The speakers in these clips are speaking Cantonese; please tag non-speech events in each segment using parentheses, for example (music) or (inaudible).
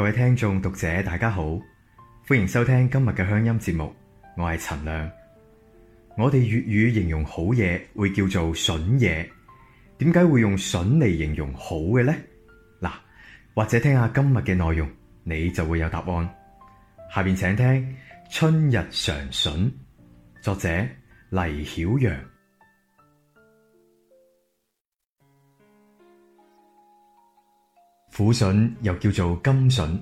各位聽眾讀者大家好，歡迎收聽今日嘅鄉音節目，我係陳亮。我哋粵語形容好嘢會叫做筍嘢，點解會用筍嚟形容好嘅呢？嗱，或者聽下今日嘅內容，你就會有答案。下面請聽《春日嘗筍》，作者黎曉陽。苦笋又叫做甘笋，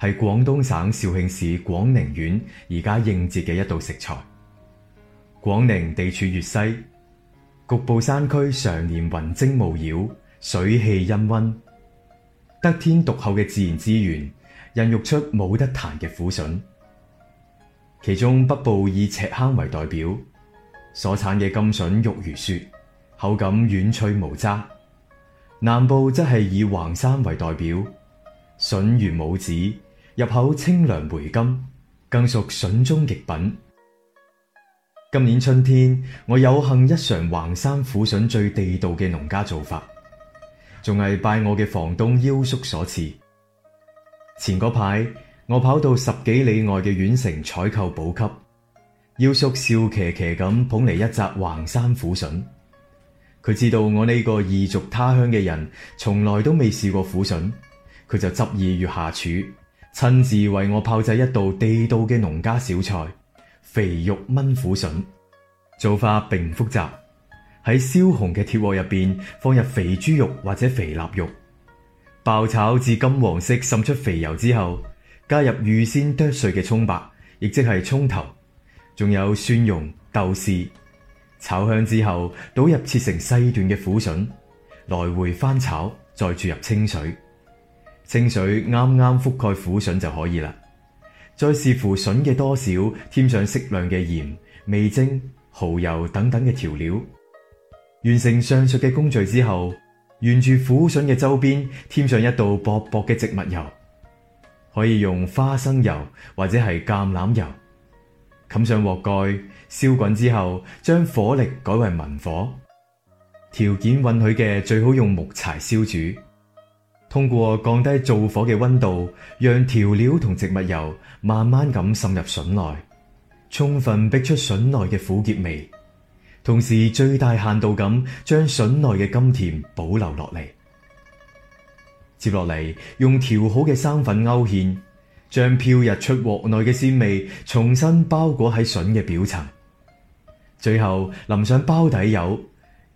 係廣東省肇慶市廣寧縣而家應節嘅一道食材。廣寧地處粵西，局部山區常年雲蒸霧繞，水汽氤氳，得天獨厚嘅自然資源孕育出冇得彈嘅苦笋。其中北部以赤坑為代表，所產嘅甘笋肉如雪，口感軟脆無渣。南部則係以橫山為代表，笋如拇指，入口清涼回甘，更屬笋中極品。今年春天，我有幸一嘗橫山苦笋最地道嘅農家做法，仲係拜我嘅房東幺叔所賜。前嗰排，我跑到十幾里外嘅縣城採購補給，幺叔笑騎騎咁捧嚟一紮橫山苦笋。佢知道我呢個異族他鄉嘅人，從來都未試過苦笋，佢就執意要下廚，親自為我炮製一道地道嘅農家小菜——肥肉炆苦笋。做法並唔複雜，喺燒紅嘅鐵鑊入邊放入肥豬肉或者肥臘肉，爆炒至金黃色滲出肥油之後，加入預先剁碎嘅蔥白，亦即係蔥頭，仲有蒜蓉、豆豉。炒香之後，倒入切成細段嘅苦筍，來回翻炒，再注入清水。清水啱啱覆蓋苦筍就可以啦。再視乎筍嘅多少，添上適量嘅鹽、味精、蠔油等等嘅調料。完成上述嘅工序之後，沿住苦筍嘅周邊，添上一道薄薄嘅植物油，可以用花生油或者係橄欖油。冚上鑊蓋，燒滾之後，將火力改為文火。條件允許嘅最好用木柴燒煮。通過降低灶火嘅溫度，讓調料同植物油慢慢咁滲入笋內，充分逼出笋內嘅苦澀味，同時最大限度咁將笋內嘅甘甜保留落嚟。接落嚟，用調好嘅生粉勾芡。將飄溢出鍋內嘅鮮味重新包裹喺筍嘅表層，最後淋上包底油，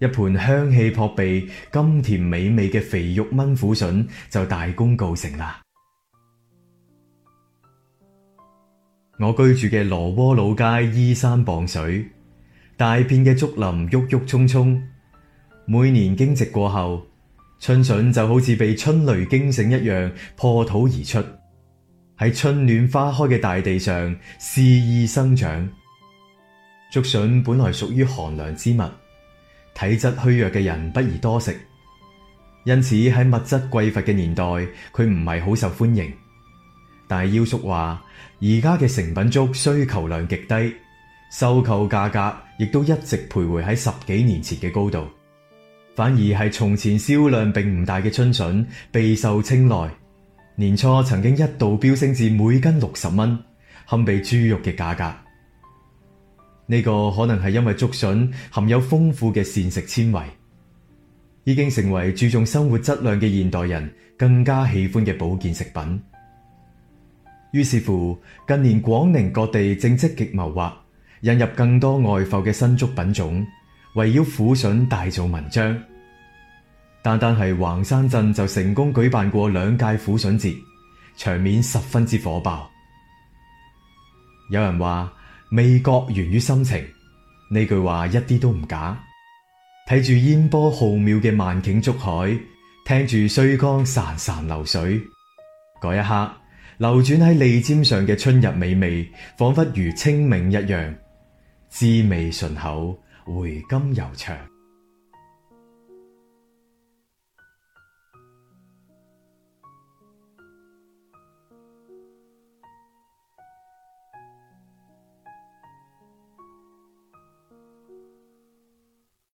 一盤香氣撲鼻、甘甜美味嘅肥肉炆苦筍就大功告成啦！ (noise) 我居住嘅羅鍋老街依山傍水，大片嘅竹林鬱鬱蔥蔥，每年驚蟄過後，春筍就好似被春雷驚醒一樣破土而出。喺春暖花開嘅大地上肆意生長，竹笋本來屬於寒涼之物，體質虛弱嘅人不宜多食。因此喺物質匱乏嘅年代，佢唔係好受歡迎。但係腰叔話，而家嘅成品竹需求量極低，收購價格亦都一直徘徊喺十幾年前嘅高度，反而係從前銷量並唔大嘅春笋備受青睞。年初曾經一度飆升至每斤六十蚊，堪比豬肉嘅價格。呢個可能係因為竹筍含有豐富嘅膳食纖維，已經成為注重生活質量嘅現代人更加喜歡嘅保健食品。於是乎，近年廣寧各地正積極謀劃引入更多外埠嘅新竹品種，圍繞苦筍大做文章。單單係橫山鎮就成功舉辦過兩屆苦筍節，場面十分之火爆。有人話，味覺源於心情，呢句話一啲都唔假。睇住煙波浩渺嘅萬頃竹海，聽住綏江潺潺流水，嗰一刻流轉喺脷尖上嘅春日美味，仿佛如清茗一樣，滋味醇厚，回甘悠長。